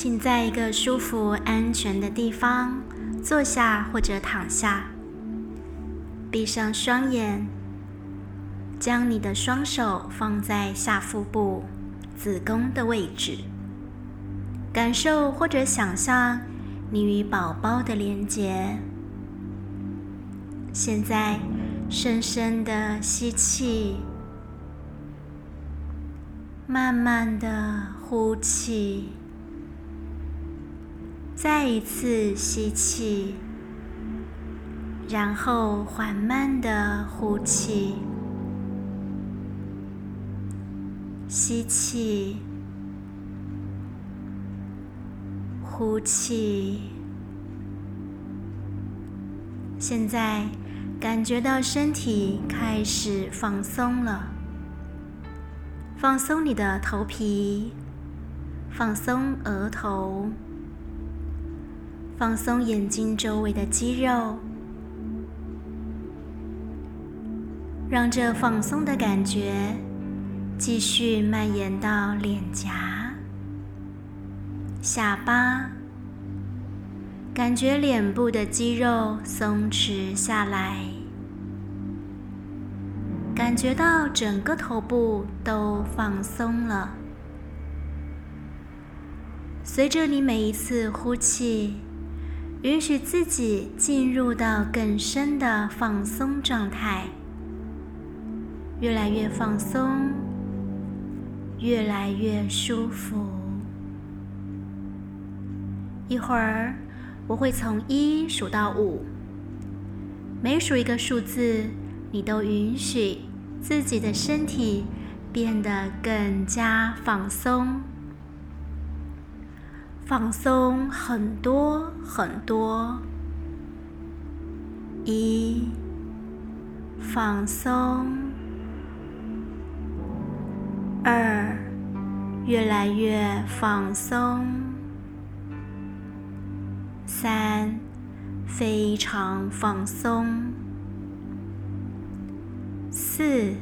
請在一個舒服、安全的地方坐下或者躺下，閉上雙眼，將你的雙手放在下腹部、子宮的位置，感受或者想象你與寶寶的連接。現在，深深地吸氣，慢慢地呼氣。再一次吸氣，然後緩慢地呼氣。吸氣，呼氣。現在感覺到身體開始放鬆了。放鬆你的頭皮，放鬆額頭。放鬆眼睛周圍的肌肉，讓這放鬆的感覺繼續蔓延到臉頰、下巴，感覺臉部的肌肉鬆弛下來，感覺到整個頭部都放鬆了。隨着你每一次呼氣。允許自己進入到更深的放鬆狀態，越來越放鬆，越來越舒服。一會兒我會從一數到五，每數一個數字，你都允許自己的身體變得更加放鬆。放鬆很多很多。一，放鬆。二，越來越放鬆。三，非常放鬆。四。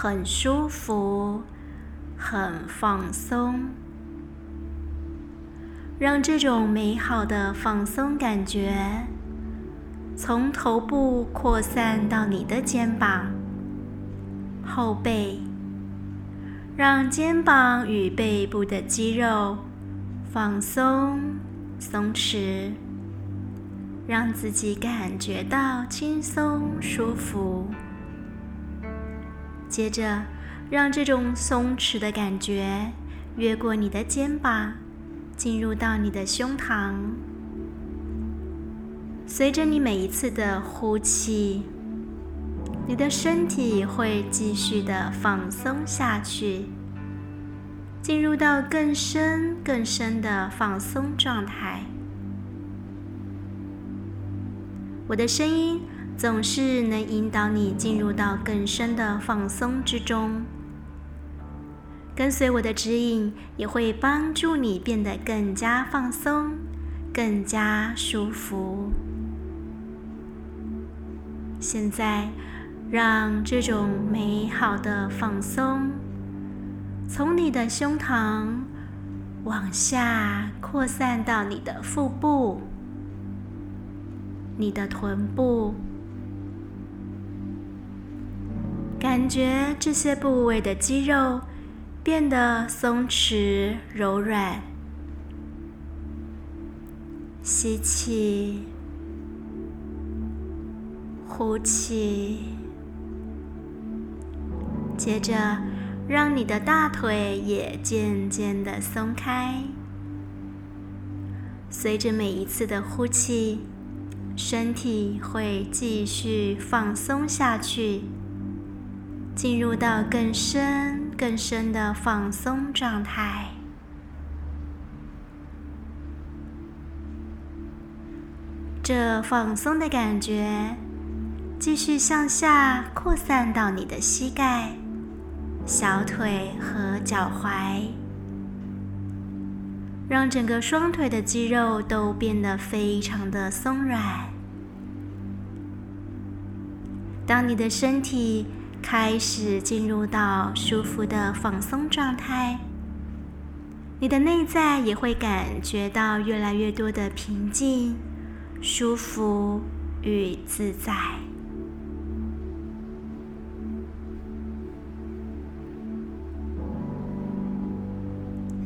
很舒服，很放鬆。讓這種美好的放鬆感覺從頭部擴散到你的肩膀、後背，讓肩膀與背部的肌肉放鬆、鬆弛，讓自己感覺到輕鬆、舒服。接着，讓這種鬆弛的感覺越過你的肩膀，進入到你的胸膛。隨着你每一次的呼氣，你的身體會繼續的放鬆下去，進入到更深更深的放鬆狀態。我的聲音，總是能引導你進入到更深的放鬆之中。跟隨我的指引，也會幫助你變得更加放鬆，更加舒服。現在，讓這種美好的放鬆從你的胸膛往下擴散到你的腹部、你的臀部。感覺這些部位的肌肉變得鬆弛柔軟，吸氣，呼氣，接着讓你的大腿也漸漸地鬆開。隨着每一次的呼氣，身體會繼續放鬆下去。進入到更深、更深的放鬆狀態。這放鬆的感覺繼續向下擴散到你的膝蓋、小腿和腳踝，讓整個雙腿的肌肉都變得非常的鬆軟。當你的身體。開始進入到舒服的放鬆狀態，你的內在也會感覺到越來越多的平靜、舒服與自在。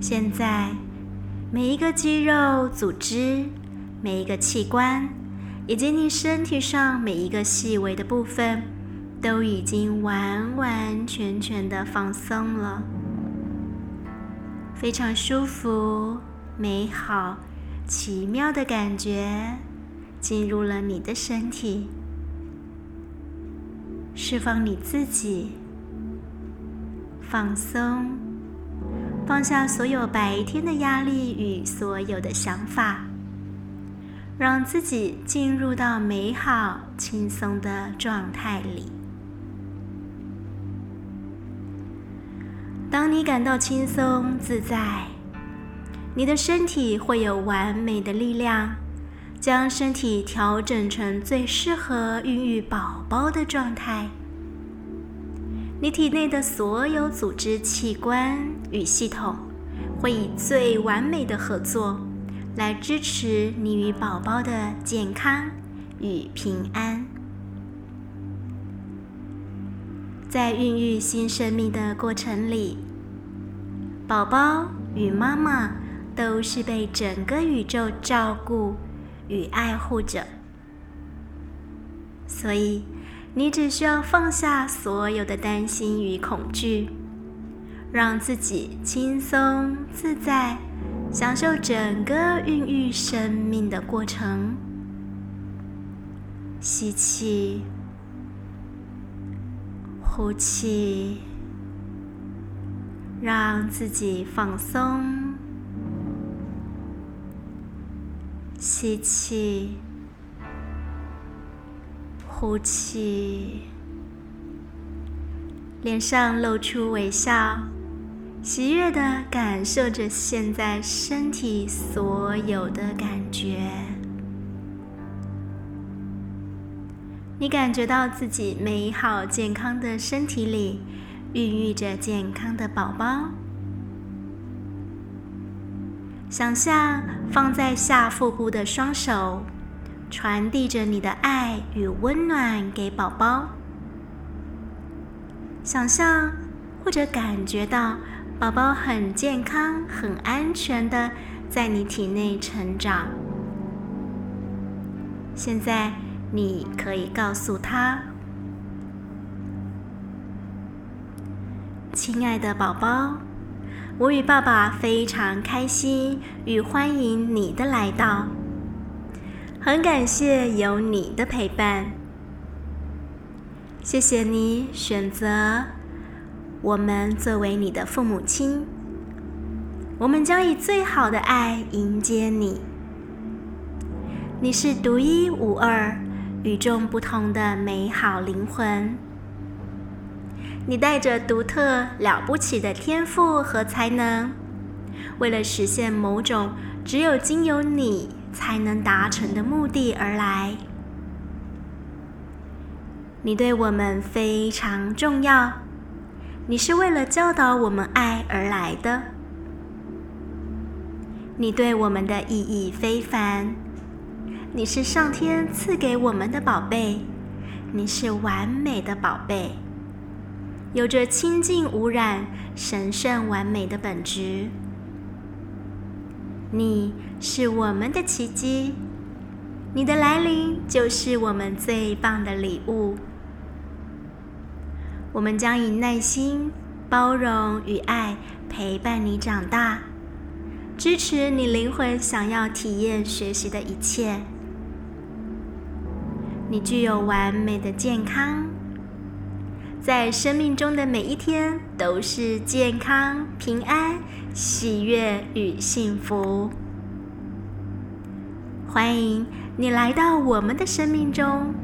現在，每一個肌肉組織、每一個器官，以及你身體上每一個細微的部分。都已經完完全全的放鬆了，非常舒服、美好、奇妙的感覺進入了你的身體，釋放你自己，放鬆，放下所有白天的壓力與所有的想法，讓自己進入到美好、輕鬆的狀態裡。當你感到輕鬆自在，你的身體會有完美的力量，將身體調整成最適合孕育寶寶的狀態。你體內的所有組織、器官與系統，會以最完美的合作，來支持你與寶寶的健康與平安。在孕育新生命的過程裡，寶寶與媽媽都是被整個宇宙照顧與愛護着。所以，你只需要放下所有的擔心與恐懼，讓自己輕鬆自在，享受整個孕育生命的過程。吸氣。呼氣，讓自己放鬆；吸氣，呼氣，臉上露出微笑，喜悅地感受着現在身體所有的感覺。你感覺到自己美好健康的身體裡孕育着健康的寶寶。想象放在下腹部的雙手，傳遞着你的愛與溫暖給寶寶。想象或者感覺到寶寶很健康、很安全的在你體內成長。現在。你可以告訴他：“親愛的寶寶，我與爸爸非常開心與歡迎你的來到。很感謝有你的陪伴。謝謝你選擇我們作為你的父母親。我們將以最好的愛迎接你。你是獨一無二。”與眾不同的美好靈魂，你帶着獨特了不起的天賦和才能，為了實現某種只有經由你才能達成的目的而來。你對我們非常重要，你是為了教導我們愛而來的，你對我們的意義非凡。你是上天賜給我們的寶貝，你是完美的寶貝，有着清淨無染、神聖完美的本質。你是我們的奇蹟，你的來臨就是我們最棒的禮物。我們將以耐心、包容與愛陪伴你長大，支持你靈魂想要體驗學習的一切。你具有完美的健康，在生命中的每一天都是健康、平安、喜悅與幸福。歡迎你來到我們的生命中，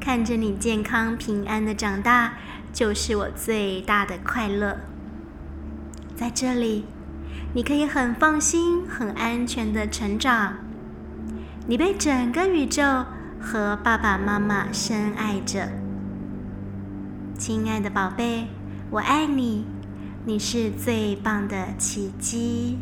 看着你健康平安的長大，就是我最大的快樂。在這裡，你可以很放心、很安全的成長。你被整個宇宙，和爸爸媽媽深愛着，親愛的寶貝，我愛你，你是最棒的奇蹟。